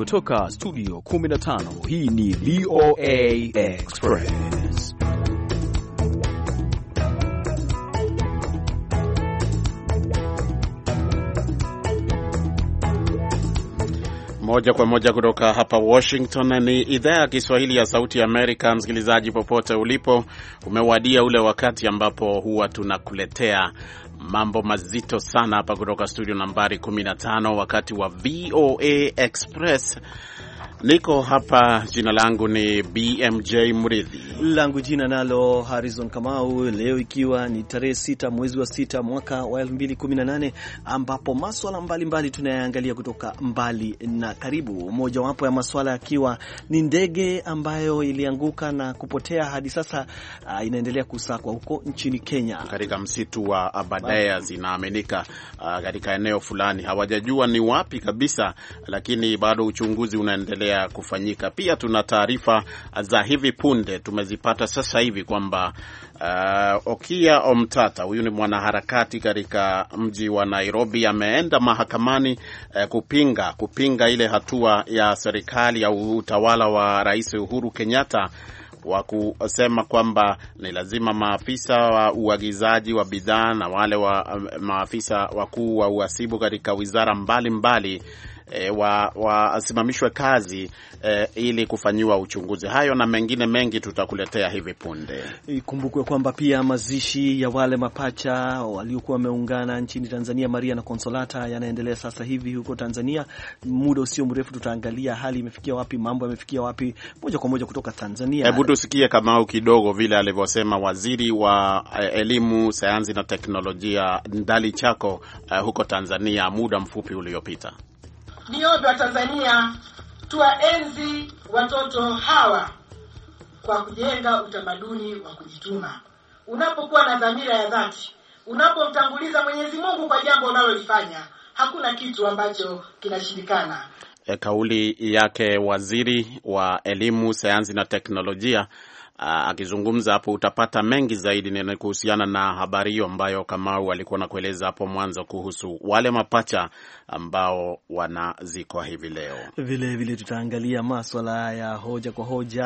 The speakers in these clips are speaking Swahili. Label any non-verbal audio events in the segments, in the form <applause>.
kutoka studio 15 hii ni VOA Express. Moja kwa moja kutoka hapa Washington. Ni idhaa ya Kiswahili ya Sauti ya Amerika. Msikilizaji popote ulipo, umewadia ule wakati ambapo huwa tunakuletea Mambo mazito sana hapa kutoka studio nambari 15 wakati wa VOA Express Niko hapa, jina langu ni BMJ Mridhi, langu jina nalo Harrison Kamau. Leo ikiwa ni tarehe sita mwezi wa sita mwaka wa 2018 ambapo maswala mbalimbali tunayaangalia kutoka mbali na karibu, mojawapo ya maswala yakiwa ni ndege ambayo ilianguka na kupotea hadi sasa uh, inaendelea kusakwa huko nchini Kenya katika msitu wa Abadea, zinaaminika uh, katika eneo fulani, hawajajua ni wapi kabisa, lakini bado uchunguzi unaendelea yanaendelea kufanyika. Pia tuna taarifa za hivi punde tumezipata sasa hivi kwamba uh, Okia Omtata huyu ni mwanaharakati katika mji wa Nairobi ameenda mahakamani uh, kupinga kupinga ile hatua ya serikali au utawala wa Rais Uhuru Kenyatta wa kusema kwamba ni lazima maafisa wa uagizaji wa bidhaa na wale wa um, maafisa wakuu wa uhasibu katika wizara mbalimbali e, eh, wasimamishwe wa kazi e, ili kufanyiwa uchunguzi. Hayo na mengine mengi tutakuletea hivi punde. Ikumbukwe kwamba pia mazishi ya wale mapacha waliokuwa wameungana nchini Tanzania, Maria na Konsolata, yanaendelea sasa hivi huko Tanzania. Muda usio mrefu tutaangalia hali imefikia wapi, mambo yamefikia wapi, moja kwa moja kutoka Tanzania. Hebu tusikie Kamau kidogo vile alivyosema waziri wa eh, elimu, sayansi na teknolojia Ndali Chako uh, huko Tanzania muda mfupi uliopita niombe wa Tanzania tuwaenzi watoto hawa kwa kujenga utamaduni wa kujituma. Unapokuwa na dhamira ya dhati, unapomtanguliza Mwenyezi Mungu kwa jambo unalolifanya, hakuna kitu ambacho kinashindikana. E, kauli yake waziri wa elimu, sayansi na teknolojia Ah, akizungumza hapo. Utapata mengi zaidi ni kuhusiana na habari hiyo ambayo Kamau alikuwa nakueleza hapo mwanzo kuhusu wale mapacha ambao wanazikwa hivi leo. Vilevile tutaangalia maswala ya hoja kwa hoja,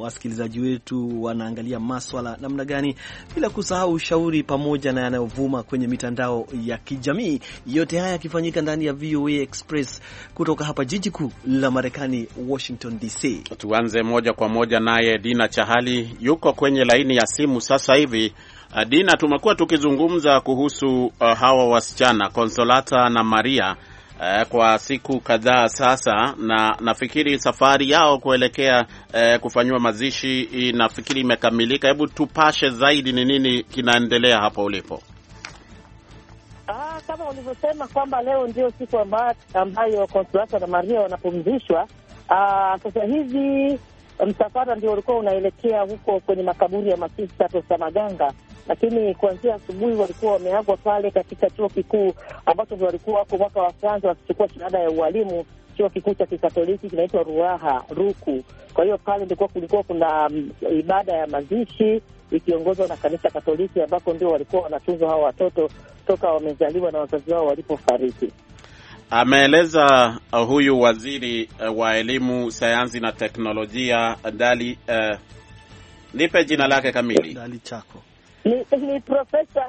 wasikilizaji wetu wanaangalia maswala namna gani, bila kusahau ushauri pamoja na yanayovuma kwenye mitandao ya kijamii. Yote haya yakifanyika ndani ya VOA Express kutoka hapa jiji kuu la Marekani, Washington DC. Tuanze moja kwa moja naye Dina Chahali Bilali yuko kwenye laini ya simu sasa hivi. Uh, Dina, tumekuwa tukizungumza kuhusu uh, hawa wasichana Konsolata na Maria uh, kwa siku kadhaa sasa, na nafikiri safari yao kuelekea uh, kufanyiwa mazishi nafikiri imekamilika. Hebu tupashe zaidi, ni nini kinaendelea hapo ulipo? Ah, kama ulivyosema kwamba leo ndio siku ambayo Consolata na Maria wanapumzishwa. Ah, sasa hivi msafara ndio ulikuwa unaelekea huko kwenye makaburi ya masista Maganga, lakini kuanzia asubuhi walikuwa wameagwa pale katika chuo kikuu ambacho walikuwa wako mwaka wa kwanza wakichukua shahada ya ualimu chuo kikuu cha Kikatoliki kinaitwa Ruaha Ruku. Kwa hiyo pale ndikuwa kulikuwa kuna um, ibada ya mazishi ikiongozwa na kanisa Katoliki, ambako ndio walikuwa wanatunzwa hawa watoto toka wamezaliwa na wazazi wao walipofariki. Ameeleza uh, huyu waziri uh, wa elimu, sayansi na teknolojia Dali, uh, nipe jina lake kamili. Dali Chako. Ni, Profesa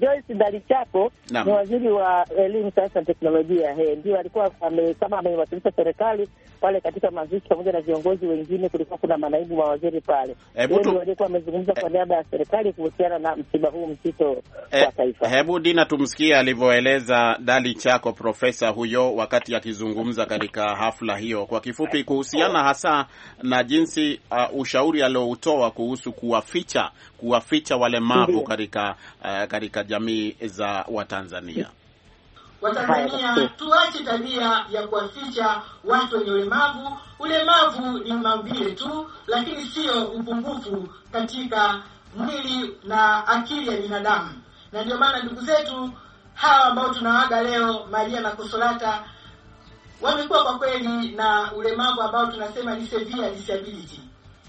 Joyce Ndalichako ni waziri wa elimu, sayansi na teknolojia. Ndio alikuwa kama ameiwakilisha serikali pale katika mazishi pamoja na viongozi wengine. Kulikuwa kuna manaibu mawaziri pale, ndio alikuwa amezungumza kwa niaba ya serikali kuhusiana na msiba huu mzito eh, wa taifa. Hebu Dina, tumsikie alivyoeleza Ndalichako, profesa huyo, wakati akizungumza katika hafla hiyo, kwa kifupi, kuhusiana hasa na jinsi uh, ushauri alioutoa kuhusu kuwaficha kuwaficha walemavu katika uh, katika jamii za Watanzania. Watanzania tuache tabia ya kuwaficha watu wenye ulemavu. Ulemavu ni maumbile tu, lakini sio upungufu katika mwili na akili ya binadamu, na ndio maana ndugu zetu hawa ambao tunawaaga leo, Maria na kosolata wamekuwa kwa kweli na ulemavu ambao tunasema ni severe disability.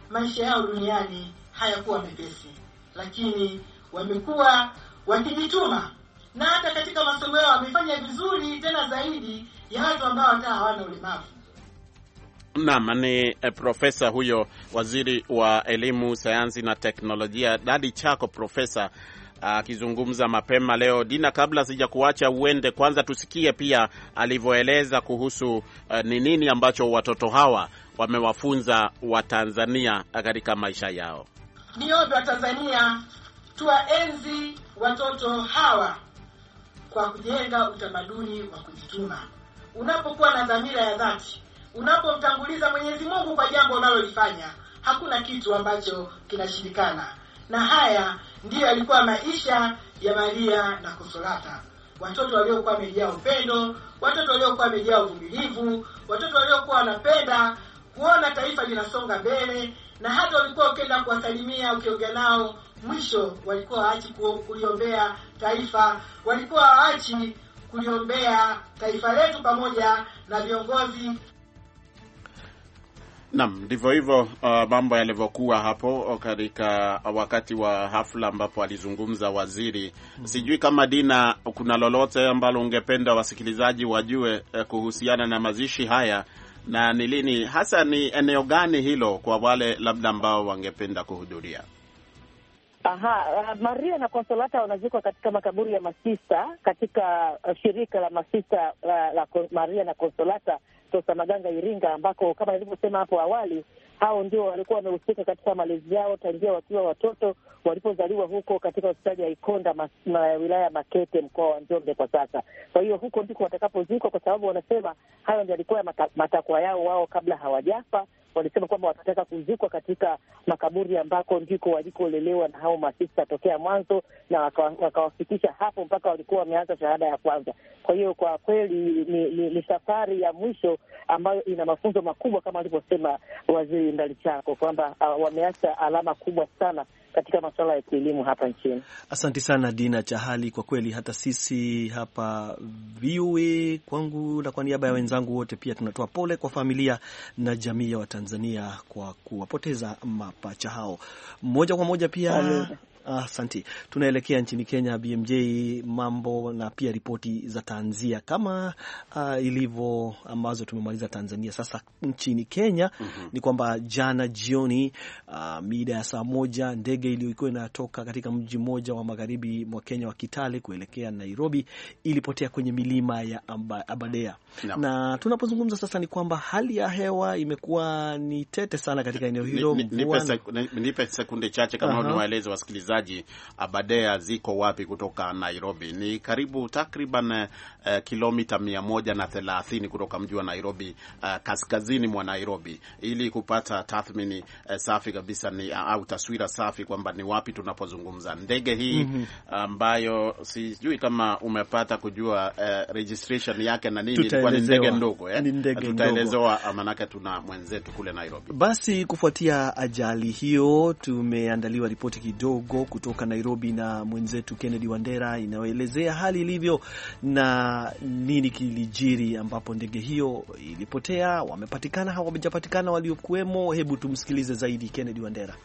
Maisha yao duniani hayakuwa mepesi lakini wamekuwa wakijituma na hata katika masomo yao wamefanya vizuri tena zaidi ya watu ambao hata hawana ulemavu. Naam, ni eh, profesa huyo, waziri wa elimu, sayansi na teknolojia Dadi Chako, profesa akizungumza mapema leo. Dina, kabla sija kuacha uende, kwanza tusikie pia alivyoeleza kuhusu eh, ni uh, nini ambacho watoto hawa wamewafunza Watanzania katika maisha yao. Niombe Watanzania tuwaenzi watoto hawa kwa kujenga utamaduni wa kujituma. Unapokuwa na dhamira ya dhati, unapomtanguliza Mwenyezi Mungu kwa jambo unalolifanya, hakuna kitu ambacho kinashindikana. Na haya ndiyo yalikuwa maisha ya Maria na Konsolata, watoto waliokuwa wamejaa upendo, watoto waliokuwa wamejaa uvumilivu, watoto waliokuwa wanapenda kuona taifa linasonga mbele na hata walikuwa wakienda kuwasalimia, ukiongea nao, mwisho walikuwa waachi kuliombea taifa, walikuwa waachi kuliombea taifa letu pamoja na viongozi. Naam, ndivyo hivyo uh, mambo yalivyokuwa hapo uh, katika wakati wa hafla ambapo alizungumza waziri. Hmm. Sijui kama Dina, kuna lolote ambalo ungependa wasikilizaji wajue uh, kuhusiana na mazishi haya na ni lini hasa, ni eneo gani hilo kwa wale labda ambao wangependa kuhudhuria? Aha, eh, Maria na Konsolata wanazikwa katika makaburi ya masista katika eh, shirika la masista uh, la Maria na Konsolata Tosamaganga, Iringa, ambako kama nilivyosema hapo awali hao ndio walikuwa wamehusika katika malezi yao tangia wakiwa watoto walipozaliwa huko katika hospitali ya Ikonda ma, ma, wilaya ya Makete mkoa wa Njombe kwa sasa. Kwa hiyo huko ndiko watakapozikwa, kwa sababu wanasema hayo ndio yalikuwa matakwa yao wao kabla hawajafa, walisema kwamba watataka kuzikwa katika makaburi ambako ndiko walikolelewa na hao masista tokea mwanzo, na wakawafikisha waka hapo mpaka walikuwa wameanza shahada ya kwanza. Kwa hiyo kwa kweli ni, ni, ni safari ya mwisho ambayo ina mafunzo makubwa kama alivyosema Waziri Ndalichako kwamba uh, wameacha alama kubwa sana katika masuala ya kielimu hapa nchini. Asante sana Dina Chahali, kwa kweli hata sisi hapa VOA kwangu na kwa niaba ya wenzangu wote pia tunatoa pole kwa familia na jamii ya Watanzania kwa kuwapoteza mapacha hao. Moja kwa moja pia Amin. Asante. Ah, tunaelekea nchini Kenya, BMJ mambo na pia ripoti za tanzia kama ah, ilivyo ambazo tumemaliza Tanzania. Sasa nchini Kenya mm -hmm. ni kwamba jana jioni ah, mida ya saa moja ndege iliyokuwa inatoka katika mji mmoja wa magharibi mwa Kenya wa Kitale kuelekea Nairobi ilipotea kwenye milima ya Abadea no. na tunapozungumza sasa ni kwamba hali ya hewa imekuwa ni tete sana katika eneo hilo. Nipe sekunde chache kama niwaeleze wasikilizaji msikilizaji, Abadea uh, ziko wapi kutoka Nairobi? Ni karibu takriban uh, kilomita mia moja na thelathini kutoka mji wa Nairobi, uh, kaskazini mwa Nairobi, ili kupata tathmini uh, safi kabisa ni uh, au taswira safi kwamba ni wapi tunapozungumza. Ndege hii mm -hmm. ambayo sijui kama umepata kujua uh, registration yake na nini, ilikuwa ni ndege ndogo eh? Tutaelezewa uh, maanake tuna mwenzetu kule Nairobi. Basi kufuatia ajali hiyo tumeandaliwa ripoti kidogo kutoka Nairobi na mwenzetu Kennedy Wandera inayoelezea hali ilivyo na nini kilijiri, ambapo ndege hiyo ilipotea. Wamepatikana, wamejapatikana waliokuwemo? Hebu tumsikilize zaidi Kennedy Wandera.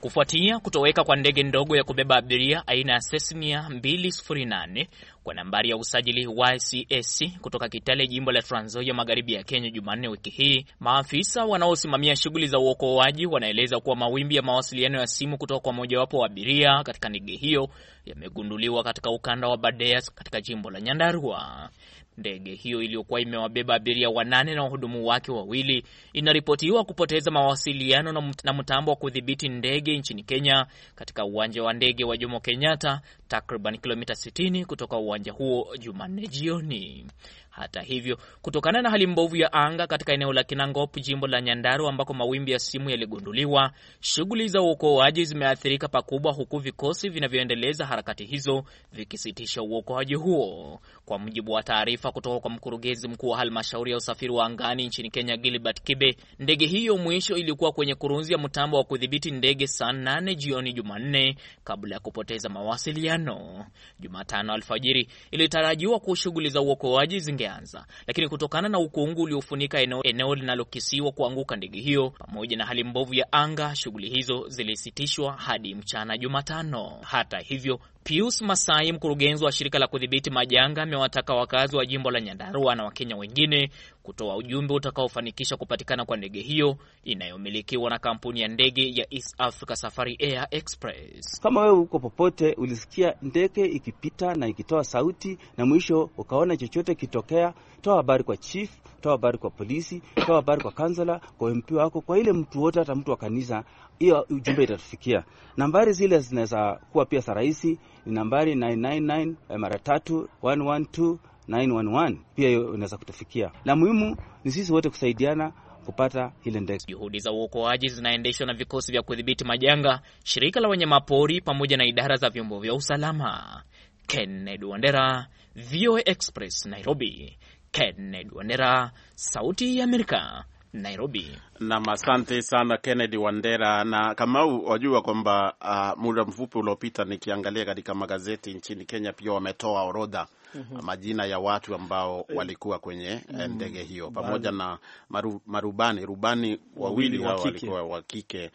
Kufuatia kutoweka kwa ndege ndogo ya kubeba abiria aina ya Cessna 208 kwa nambari ya usajili YCS kutoka Kitale, jimbo la Trans Nzoia, magharibi ya Kenya, Jumanne wiki hii. Maafisa wanaosimamia shughuli za uokoaji wanaeleza kuwa mawimbi ya mawasiliano ya simu kutoka kwa mojawapo wa abiria katika ndege hiyo yamegunduliwa katika ukanda wa Badeas katika jimbo la Nyandarua. Ndege hiyo iliyokuwa imewabeba abiria wanane na wahudumu wake wawili inaripotiwa kupoteza mawasiliano na mtambo wa kudhibiti ndege nchini Kenya katika uwanja wa ndege wa Jomo Kenyatta, takriban kilomita 60 kutoka uwanja huo Jumanne jioni. Hata hivyo, kutokana na hali mbovu ya anga katika eneo la Kinangop, jimbo la Nyandarua, ambako mawimbi ya simu yaligunduliwa, shughuli za uokoaji zimeathirika pakubwa, huku vikosi vinavyoendeleza harakati hizo vikisitisha uokoaji huo. Kwa mujibu wa taarifa kutoka kwa mkurugenzi mkuu wa halmashauri ya usafiri wa angani nchini Kenya, Gilbert Kibe, ndege hiyo mwisho ilikuwa kwenye kurunzi ya mtambo wa kudhibiti ndege saa 8 jioni Jumanne kabla ya kupoteza mawasiliano. Jumatano alfajiri ilitarajiwa kuwa shughuli za uokoaji zinge hayajaanza, lakini kutokana na ukungu uliofunika eneo, eneo linalokisiwa kuanguka ndege hiyo pamoja na hali mbovu ya anga, shughuli hizo zilisitishwa hadi mchana Jumatano. Hata hivyo Pius Masai, mkurugenzi wa shirika la kudhibiti majanga, amewataka wakazi wa jimbo la Nyandarua na Wakenya wengine kutoa ujumbe utakaofanikisha kupatikana kwa ndege hiyo inayomilikiwa na kampuni ya ndege ya East Africa Safari Air Express. Kama wewe uko popote, ulisikia ndege ikipita na ikitoa sauti, na mwisho ukaona chochote kitokea toa habari kwa chief, toa habari kwa polisi, toa habari kwa kansela, kwa MP wako, kwa ile mtu wote, hata mtu wa kanisa, hiyo ujumbe itatufikia. Nambari zile zinaweza kuwa pia za rais ni nambari 999 eh, mara 3 112 911 pia hiyo inaweza kutufikia. La muhimu ni sisi wote kusaidiana kupata ile ndege. Juhudi za uokoaji zinaendeshwa na vikosi vya kudhibiti majanga, shirika la wanyamapori pamoja na idara za vyombo vya usalama. Kennedy Wandera, VOA Express, Nairobi. Kennedy Wandera, Sauti ya Amerika, Nairobi. Nam, asante sana Kennedy Wandera. Na Kamau, wajua kwamba uh, muda mfupi uliopita nikiangalia katika magazeti nchini Kenya pia wametoa orodha mm -hmm. majina ya watu ambao eh. walikuwa kwenye mm -hmm. ndege hiyo pamoja na maru, marubani rubani wawili wao walikuwa wa kike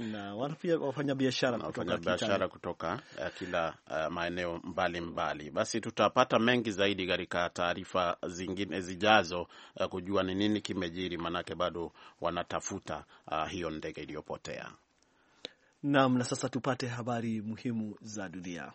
na biashara kutoka, kutoka, kutoka uh, eh, kila uh, maeneo mbalimbali mbali. Basi tutapata mengi zaidi katika taarifa zingine zijazo uh, kujua ni nini kimejiri, manake bado wanatafuta uh, hiyo ndege iliyopotea. Naam, na sasa tupate habari muhimu za dunia.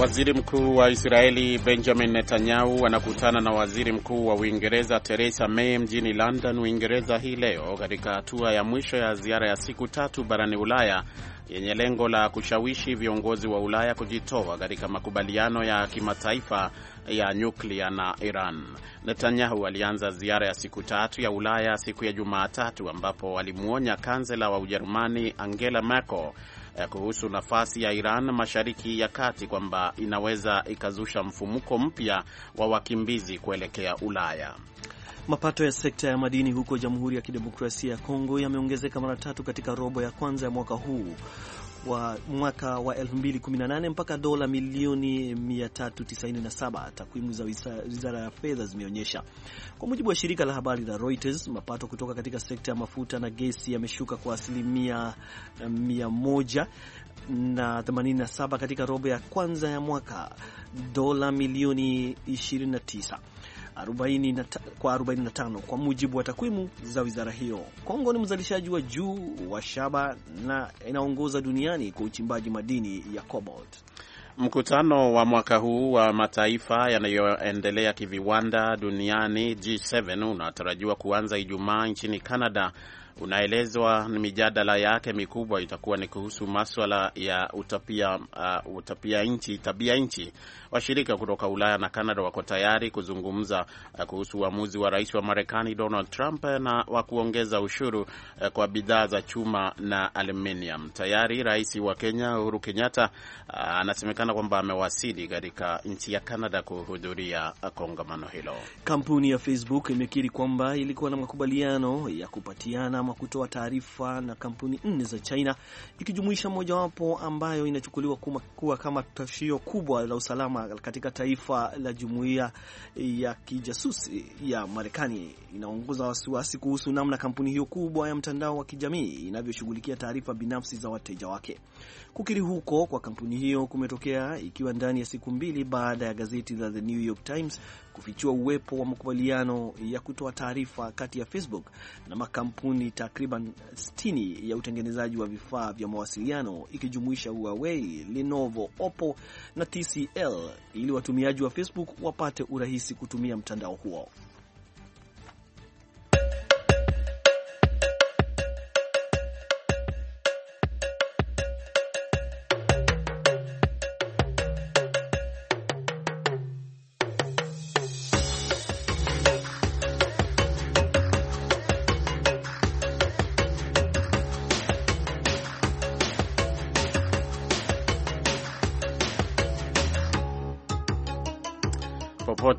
Waziri Mkuu wa Israeli Benjamin Netanyahu anakutana na Waziri Mkuu wa Uingereza Theresa May mjini London, Uingereza hii leo katika hatua ya mwisho ya ziara ya siku tatu barani Ulaya yenye lengo la kushawishi viongozi wa Ulaya kujitoa katika makubaliano ya kimataifa ya nyuklia na Iran. Netanyahu alianza ziara ya siku tatu ya Ulaya siku ya Jumatatu ambapo alimwonya kansela wa Ujerumani Angela Merkel Eh, kuhusu nafasi ya Iran mashariki ya kati kwamba inaweza ikazusha mfumuko mpya wa wakimbizi kuelekea Ulaya. Mapato ya sekta ya madini huko Jamhuri ya Kidemokrasia ya Kongo yameongezeka mara tatu katika robo ya kwanza ya mwaka huu wa mwaka wa 2018 mpaka dola milioni 397, takwimu za wizara ya fedha zimeonyesha. Kwa mujibu wa shirika la habari la Reuters, mapato kutoka katika sekta ya mafuta na gesi yameshuka kwa asilimia 100 eh, na 87 katika robo ya kwanza ya mwaka, dola milioni 29 kwa 45 kwa mujibu wa takwimu za wizara hiyo. Kongo ni mzalishaji wa juu wa shaba na inaongoza duniani kwa uchimbaji madini ya cobalt. Mkutano wa mwaka huu wa mataifa yanayoendelea kiviwanda duniani G7 unatarajiwa kuanza Ijumaa nchini Canada unaelezwa mijadala yake mikubwa itakuwa ni kuhusu maswala ya utapia, uh, utapia nchi, tabia nchi. Washirika kutoka Ulaya na Canada wako tayari kuzungumza uh, kuhusu uamuzi wa rais wa Marekani Donald Trump uh, na wa kuongeza ushuru uh, kwa bidhaa za chuma na aluminium. Tayari rais wa Kenya Uhuru Kenyatta uh, anasemekana uh, kwamba amewasili katika nchi ya Canada kuhudhuria uh, kongamano hilo. Kampuni ya Facebook imekiri kwamba ilikuwa na makubaliano ya kupatiana usalama kutoa taarifa na kampuni nne za China ikijumuisha mojawapo ambayo inachukuliwa kuwa kama tishio kubwa la usalama katika taifa la jumuiya ya kijasusi ya Marekani. Inaongoza wasiwasi kuhusu namna kampuni hiyo kubwa ya mtandao wa kijamii inavyoshughulikia taarifa binafsi za wateja wake. Kukiri huko kwa kampuni hiyo kumetokea ikiwa ndani ya siku mbili baada ya gazeti la The New York Times kufichua uwepo wa makubaliano ya kutoa taarifa kati ya Facebook na makampuni takriban 60 ya utengenezaji wa vifaa vya mawasiliano ikijumuisha Huawei, Lenovo, Oppo na TCL ili watumiaji wa Facebook wapate urahisi kutumia mtandao huo.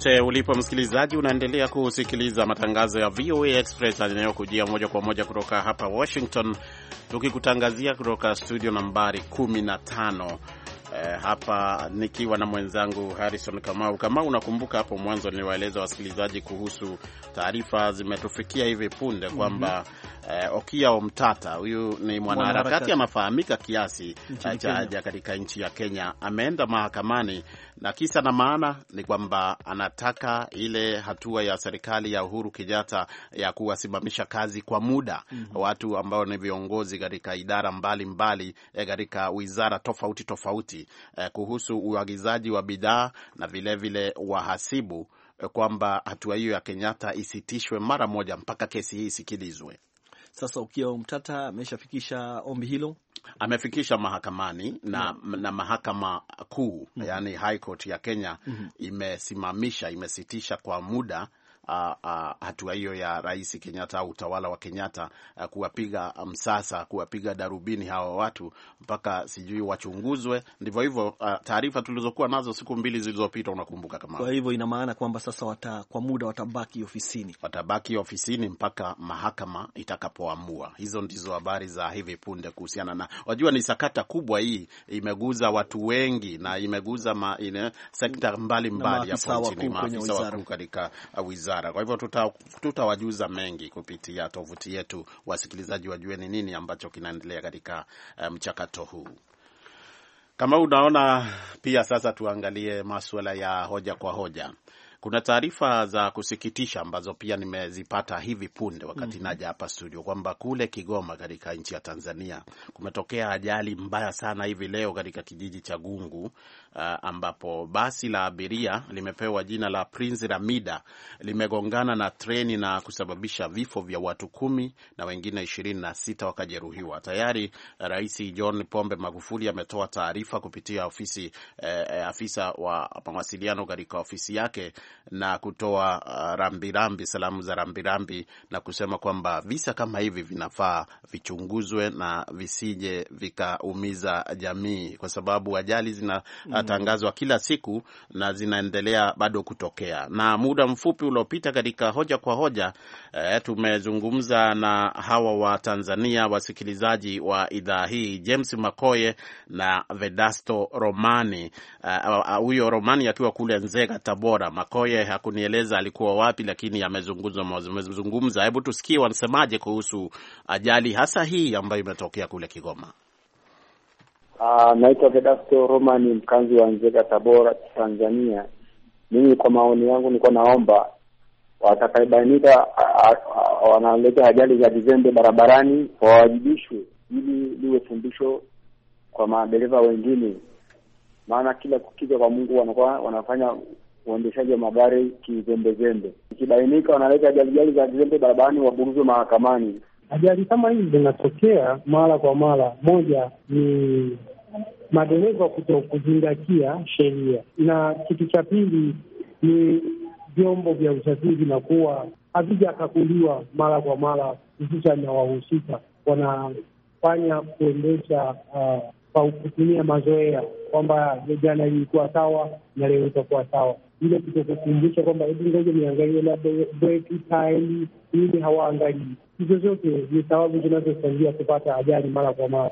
popote ulipo msikilizaji, unaendelea kusikiliza matangazo ya VOA Express yanayokujia moja kwa moja kutoka hapa Washington, tukikutangazia kutoka studio nambari 15. E, eh, hapa nikiwa na mwenzangu Harrison Kamau. Kama unakumbuka hapo mwanzo niliwaeleza wasikilizaji kuhusu taarifa zimetufikia hivi punde kwamba mm -hmm eh, Okia Omtata. Huyu ni mwanaharakati anafahamika kiasi eh, cha haja katika nchi ya Kenya. Ameenda mahakamani na kisa na maana ni kwamba anataka ile hatua ya serikali ya Uhuru Kenyatta ya kuwasimamisha kazi kwa muda mm -hmm. watu ambao ni viongozi katika idara mbalimbali eh, katika mbali, wizara tofauti tofauti eh, kuhusu uagizaji wa bidhaa na vilevile wahasibu eh, kwamba hatua hiyo ya Kenyatta isitishwe mara moja mpaka kesi hii isikilizwe. Sasa ukiwa Mtata ameshafikisha ombi hilo, amefikisha mahakamani na, no. Mm-hmm. na mahakama kuu mm -hmm. yani High Court ya Kenya mm -hmm. imesimamisha, imesitisha kwa muda hatua hiyo ya Rais Kenyatta au utawala wa Kenyatta kuwapiga msasa, um, kuwapiga darubini hawa watu mpaka sijui wachunguzwe. Ndivyo hivyo, taarifa tulizokuwa nazo siku mbili zilizopita, unakumbuka kama. Kwa hivyo ina maana kwamba sasa wata, kwa muda watabaki ofisini, watabaki ofisini mpaka mahakama itakapoamua. Hizo ndizo habari za hivi punde kuhusiana na, wajua ni sakata kubwa hii, imeguza watu wengi na imeguza ma, ine, sekta mbalimbali hapo nchini, maafisa wakuu katika uh, wizara biashara. Kwa hivyo tutawajuza tuta mengi kupitia tovuti yetu, wasikilizaji wajue ni nini ambacho kinaendelea katika eh, mchakato um, huu. Kama unaona, pia sasa tuangalie maswala ya hoja kwa hoja. Kuna taarifa za kusikitisha ambazo pia nimezipata hivi punde wakati mm -hmm. naja hapa studio kwamba kule Kigoma katika nchi ya Tanzania kumetokea ajali mbaya sana hivi leo katika kijiji cha Gungu, uh, ambapo basi la abiria limepewa jina la Prince Ramida limegongana na treni na kusababisha vifo vya watu kumi na wengine ishirini na sita wakajeruhiwa. Tayari Rais John Pombe Magufuli ametoa taarifa kupitia ofisi, eh, eh afisa wa mawasiliano katika ofisi yake na kutoa uh, rambirambi, salamu za rambirambi na kusema kwamba visa kama hivi vinafaa vichunguzwe na visije vikaumiza jamii, kwa sababu ajali zinatangazwa mm. kila siku na zinaendelea bado kutokea. Na muda mfupi uliopita katika hoja kwa hoja eh, tumezungumza na hawa wa Tanzania wasikilizaji wa idhaa hii James Makoye na Vedasto Romani, eh, huyo uh, uh, Romani akiwa kule Nzega, Tabora Makoye Mboye hakunieleza alikuwa wapi, lakini amezungumza. Hebu tusikie wanasemaje kuhusu ajali hasa hii ambayo imetokea kule Kigoma. Uh, naitwa Vedasto Roma, ni mkazi wa Nzega, Tabora, Tanzania. Mimi kwa maoni yangu nilikuwa naomba watakaibainika ah, ah, wanaleta ajali za vizembe barabarani wawajibishwe, ili liwe fundisho kwa madereva wengine, maana kila kukiza kwa Mungu wanakuwa wanafanya uendeshaji wa magari kizembezembe. Ikibainika wanaleta jali za kizembe barabarani, waburuzwe mahakamani. Ajali kama hizi zinatokea mara kwa mara. Moja ni madereva kuto kuzingatia sheria, na kitu cha pili ni vyombo vya usafiri vinakuwa kuwa havijakaguliwa mara kwa mara, hususan na wahusika wanafanya kuendesha uh, kwa kutumia mazoea kwamba jana ilikuwa sawa na leo itakuwa sawa ile kutokukumbusha kwamba hebu ngoja niangalie labda breki taili hawaangalii. Hizo zote ni sababu zinazochangia kupata ajali mara kwa mara.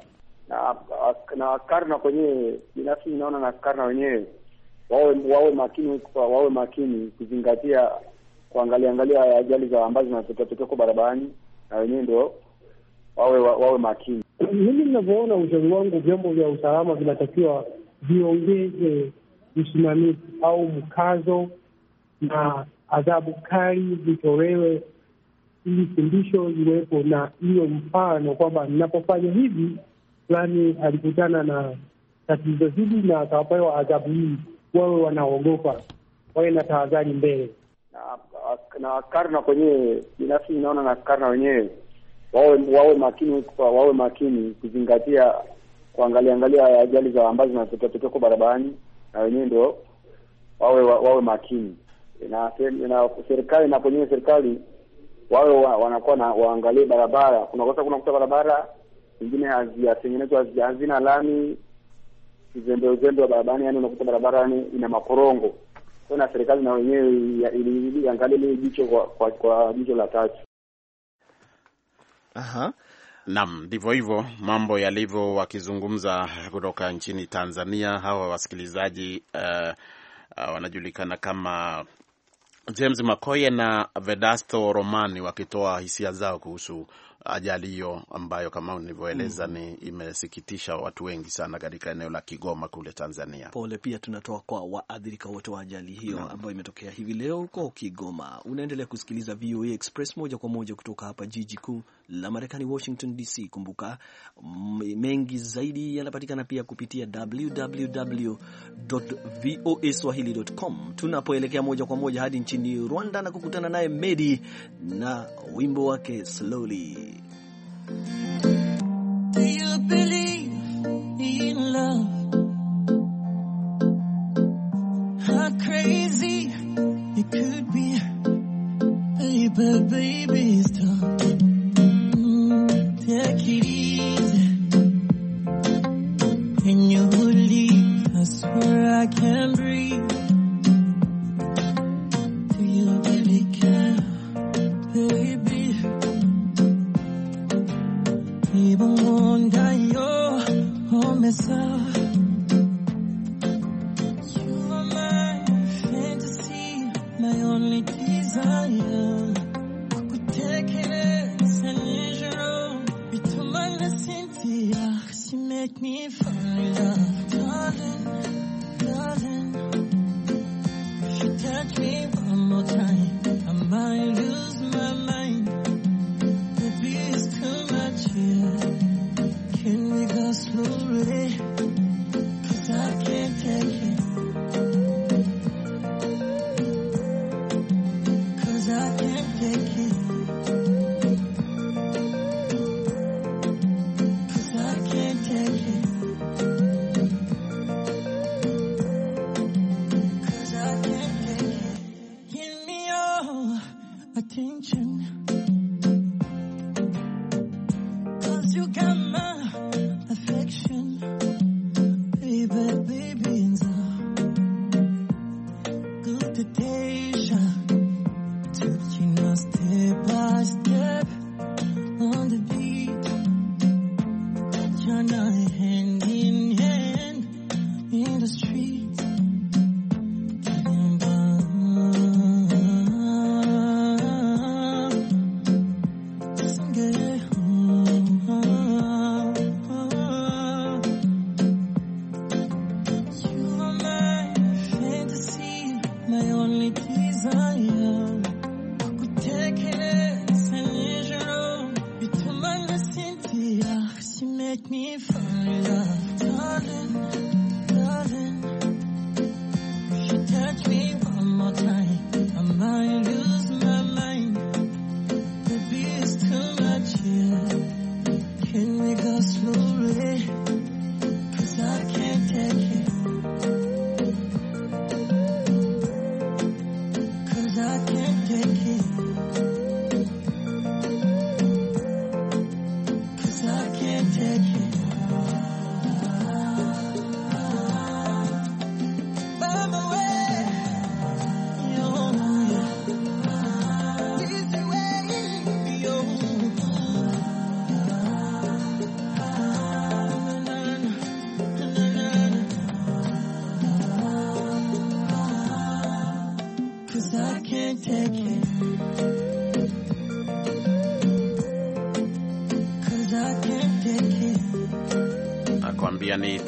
Na, na Wakarna kwenyewe binafsi inaona na Wakarna wenyewe wawe wawe makini wawe makini kuzingatia kuangalia angalia ajali za ambazo zinatokeatokea kwa barabarani, na wenyewe ndio wawe wawe makini. Mimi ninavyoona, ushauri wangu, vyombo vya usalama vinatakiwa viongeze usimamizi au mkazo na adhabu kali zitolewe, ili fundisho liwepo na iwe mfano kwamba ninapofanya hivi fulani alikutana na tatizo hili na akapewa adhabu hii, wawe wanaogopa, wawe na tahadhari mbele na, na karna kwenyewe. Binafsi inaona na karna wenyewe wawe wawe makini, wawe makini kuzingatia, kuangalia angalia ajali za ambazo zinatokea barabarani na wenyewe ndio wawe wawe makini na serikali na kwenyewe serikali wawe wa, wanakuwa na waangalie barabara. kuna kuta barabara zingine hazijatengenezwa, hazina lami, zembe uzembe wa barabarani, yani unakuta barabara yani ina makorongo. Kwa na serikali na wenyewe ili, ile jicho kwa, kwa, kwa jicho la tatu. Aha. Nam, ndivyo hivyo mambo yalivyo, wakizungumza kutoka nchini Tanzania. Hawa wasikilizaji uh, uh, wanajulikana kama James Makoye na Vedasto Romani wakitoa hisia zao kuhusu ajali hiyo ambayo kama nilivyoeleza mm. ni imesikitisha watu wengi sana katika eneo la Kigoma kule Tanzania. Pole pia tunatoa kwa waathirika wote wa ajali hiyo ambayo imetokea hivi leo huko Kigoma. Unaendelea kusikiliza VOA Express moja kwa moja kutoka hapa jiji kuu la Marekani, Washington DC. Kumbuka mengi zaidi yanapatikana pia kupitia www voa swahili.com, tunapoelekea moja kwa moja hadi nchini Rwanda na kukutana naye Medi na wimbo wake Slowly. Do you believe in love? How crazy it could be. baby, babies talk.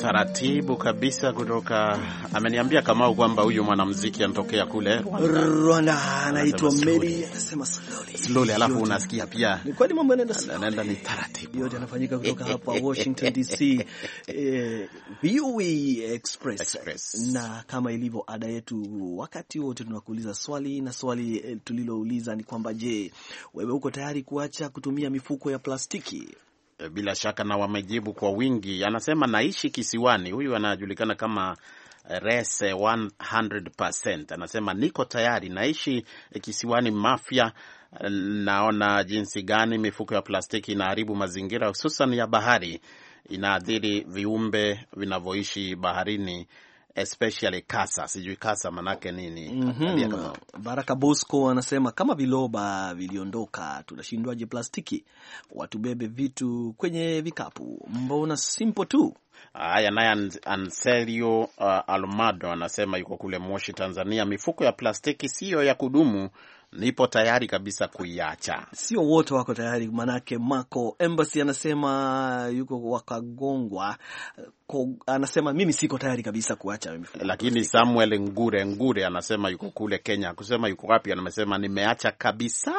taratibu kabisa kutoka, ameniambia Kamau kwamba huyu mwanamuziki anatokea kule Rwanda, anaitwa Mary, anasema slowly, alafu unasikia pia ni kweli mambo yanaenda anaenda ni taratibu, yote yanafanyika kutoka <laughs> hapa Washington DC, VOA <laughs> eh, Express. Na kama ilivyo ada yetu, wakati wote tunakuuliza swali, na swali eh, tulilouliza ni kwamba, je, wewe uko tayari kuacha kutumia mifuko ya plastiki? Eh, bila shaka na wamejibu kwa wingi. Anasema naishi kisiwani, huyu anajulikana kama eh, Rese eh, 100%. Anasema niko tayari, naishi kisiwani Mafia. Naona jinsi gani mifuko ya plastiki inaharibu mazingira, hususan ya bahari, inaathiri viumbe vinavyoishi baharini especially kasa, sijui kasa manake nini? mm -hmm. Baraka Bosco anasema kama viloba viliondoka, tunashindwaje plastiki? Watubebe vitu kwenye vikapu, mbona simple tu. Haya, naye Anselio uh, Almado anasema yuko kule Moshi, Tanzania, mifuko ya plastiki siyo ya kudumu, nipo tayari kabisa kuiacha. Sio wote wako tayari, manake Mako Embassy anasema yuko wakagongwa Ko, anasema mimi siko tayari kabisa kuacha, lakini Samuel Ngure Ngure anasema yuko kule Kenya, kusema yuko wapi, anamesema nimeacha kabisa,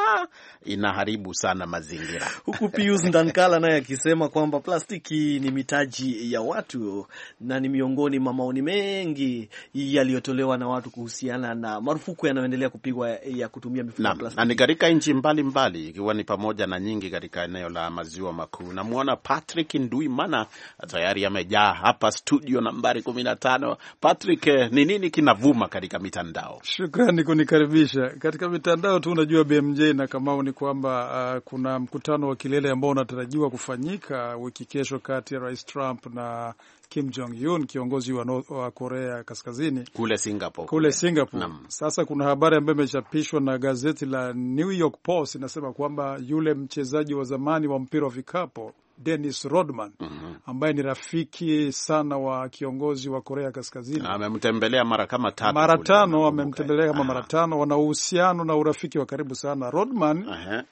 inaharibu sana mazingira <laughs> huku Pius Ndankala naye akisema kwamba plastiki ni mitaji ya watu na ni miongoni mwa maoni mengi yaliyotolewa na watu kuhusiana na marufuku yanayoendelea kupigwa ya kutumia na ni katika nchi mbalimbali ikiwa ni pamoja na nyingi katika eneo la maziwa makuu. Namwona Patrick Nduimana tayari amejaa hapa studio nambari kumi na tano. Patrick, ni nini kinavuma katika mitandao? Shukrani kunikaribisha katika mitandao tu. Unajua BMJ na Kamau ni kwamba uh, kuna mkutano wa kilele ambao unatarajiwa kufanyika wiki kesho kati ya Rais Trump na Kim Jong Un, kiongozi wa, North, wa Korea Kaskazini kule Singapore, kule Singapore. Sasa kuna habari ambayo imechapishwa na gazeti la New York Post inasema kwamba yule mchezaji wa zamani wa mpira wa vikapo Dennis Rodman mm -hmm. ambaye ni rafiki sana wa kiongozi wa Korea Kaskazini amemtembelea mara kama tatu, mara tano amemtembelea kama mara ah. tano. Wana uhusiano na urafiki wa karibu sana Rodman. Aha.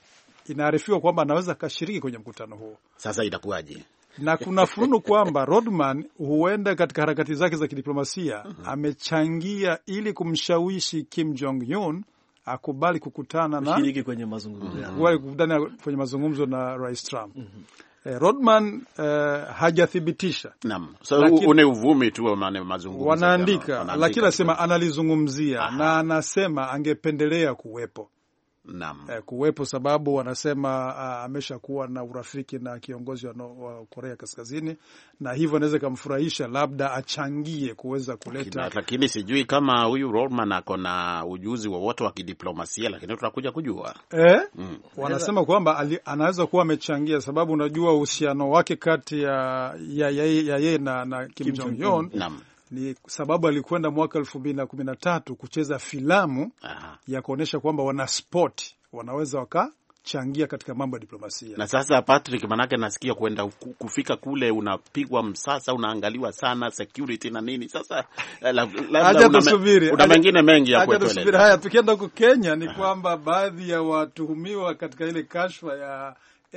Inaarifiwa kwamba anaweza akashiriki kwenye mkutano huo. Sasa itakuwaje? na kuna fununu kwamba Rodman huenda katika harakati zake za kidiplomasia mm -hmm. amechangia ili kumshawishi Kim Jong Un akubali kukutana na kwenye mazungumzo mm -hmm. kwenye mazungumzo na Rais Trump mm -hmm. Rodman uh, hajathibitisha naam, so une uvumi tu mazungumzo wanaandika, lakini anasema analizungumzia Aha. na anasema angependelea kuwepo eh, kuwepo sababu wanasema ah, ameshakuwa na urafiki na kiongozi wa, no, wa Korea Kaskazini na hivyo anaweza ikamfurahisha, labda achangie kuweza kuleta, lakini sijui kama huyu Roman ako na ujuzi wowote wa, wa kidiplomasia, lakini tutakuja kujua eh, mm. Wanasema kwamba anaweza kuwa amechangia, sababu unajua uhusiano wake kati ya yeye ya, ya, ya, ya, na, na Kim Jong Un ni sababu alikwenda mwaka elfu mbili na kumi na tatu kucheza filamu Aha. ya kuonyesha kwamba wana wanaweza waka changia katika mambo ya diplomasia. Na sasa Patrick, manake nasikia kwenda kufika kule unapigwa msasa, unaangaliwa sana security na nini. Sasa eh, labda una mengine mengi ya kueleza. Haya, tukienda huko Kenya ni kwamba baadhi ya watuhumiwa katika ile kashfa ya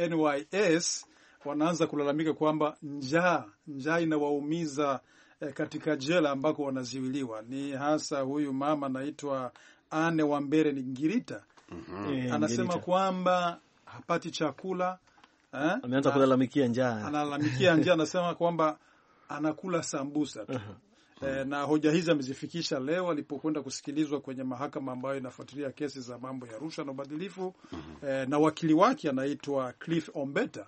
NYS wanaanza kulalamika kwamba njaa njaa inawaumiza Eh, katika jela ambako wanaziwiliwa ni hasa huyu mama anaitwa Ane Wambere ni Ngirita. mm -hmm. Anasema kwamba hapati chakula eh? Ameanza kulalamikia njaa, analalamikia njaa, anasema kwamba anakula sambusa tu. uh -huh. E, hmm. na hoja hizi amezifikisha leo alipokwenda kusikilizwa kwenye mahakama ambayo inafuatilia kesi za mambo ya rushwa na ubadhilifu. mm -hmm. E, na wakili wake anaitwa Cliff Ombeta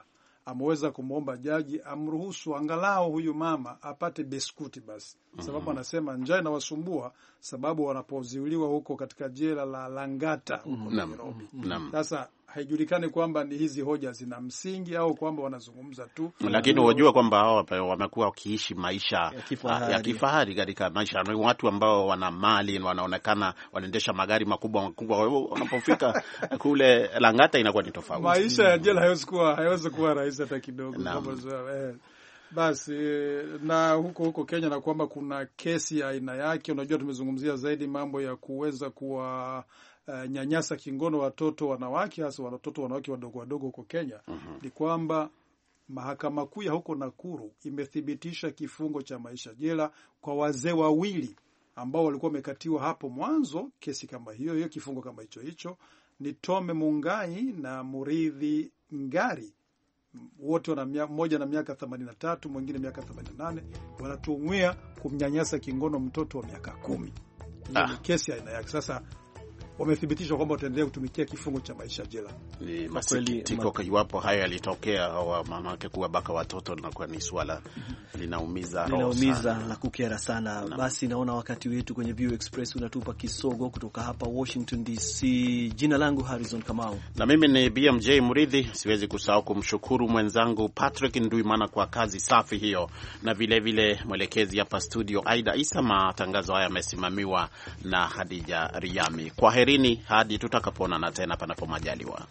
ameweza kumwomba jaji amruhusu angalau huyu mama apate biskuti basi, mhm. sababu mm -hmm. anasema njaa inawasumbua, sababu wanapoziuliwa huko katika jela la Langata huko mhm. Nairobi. Sasa haijulikani kwamba ni hizi hoja zina msingi au kwamba wanazungumza tu, lakini wajua kwamba hao wamekuwa wakiishi maisha ah, ya kifahari katika maisha. Ni watu ambao wana mali wanaonekana wanaendesha magari makubwa makubwa. Wanapofika <laughs> kule Langata inakuwa ni tofauti. Maisha ya jela hayawezi kuwa hayawezi kuwa rahisi hata kidogo. Eh, basi na huko huko Kenya, na kwamba kuna kesi ya aina yake. Unajua, tumezungumzia zaidi mambo ya kuweza kuwa Eh, nyanyasa kingono watoto wanawake, hasa watoto wanawake wadogo wadogo huko Kenya mhm. ni uh -huh. kwamba mahakama kuu ya huko Nakuru imethibitisha kifungo cha maisha jela kwa wazee wawili ambao walikuwa wamekatiwa hapo mwanzo kesi kama hiyo hiyo, kifungo kama hicho hicho, ni Tome Mungai na Muridhi Ngari, wote wana mmoja na miaka 83 mwingine miaka 88, wanatumia kumnyanyasa kingono mtoto wa miaka kumi. Hiyo ni ah, kesi aina yake sasa wamethibitishwa kwamba wataendelea kutumikia kifungo cha maisha jela. Ni masikitiko iwapo haya yalitokea, mamaake kuwabaka watoto linakuwa ni swala linaumiza, linaumiza la kukera sana na. Basi naona wakati wetu kwenye View Express unatupa kisogo. Kutoka hapa Washington DC, jina langu Harrison Kamau na mimi ni BMJ Mridhi. Siwezi kusahau kumshukuru mwenzangu Patrick Nduimana kwa kazi safi hiyo, na vilevile mwelekezi hapa studio Aida Isa. Matangazo haya yamesimamiwa na Hadija Riami. Kwa heri kwaherini hadi tutakapoonana tena, panapo majaliwa.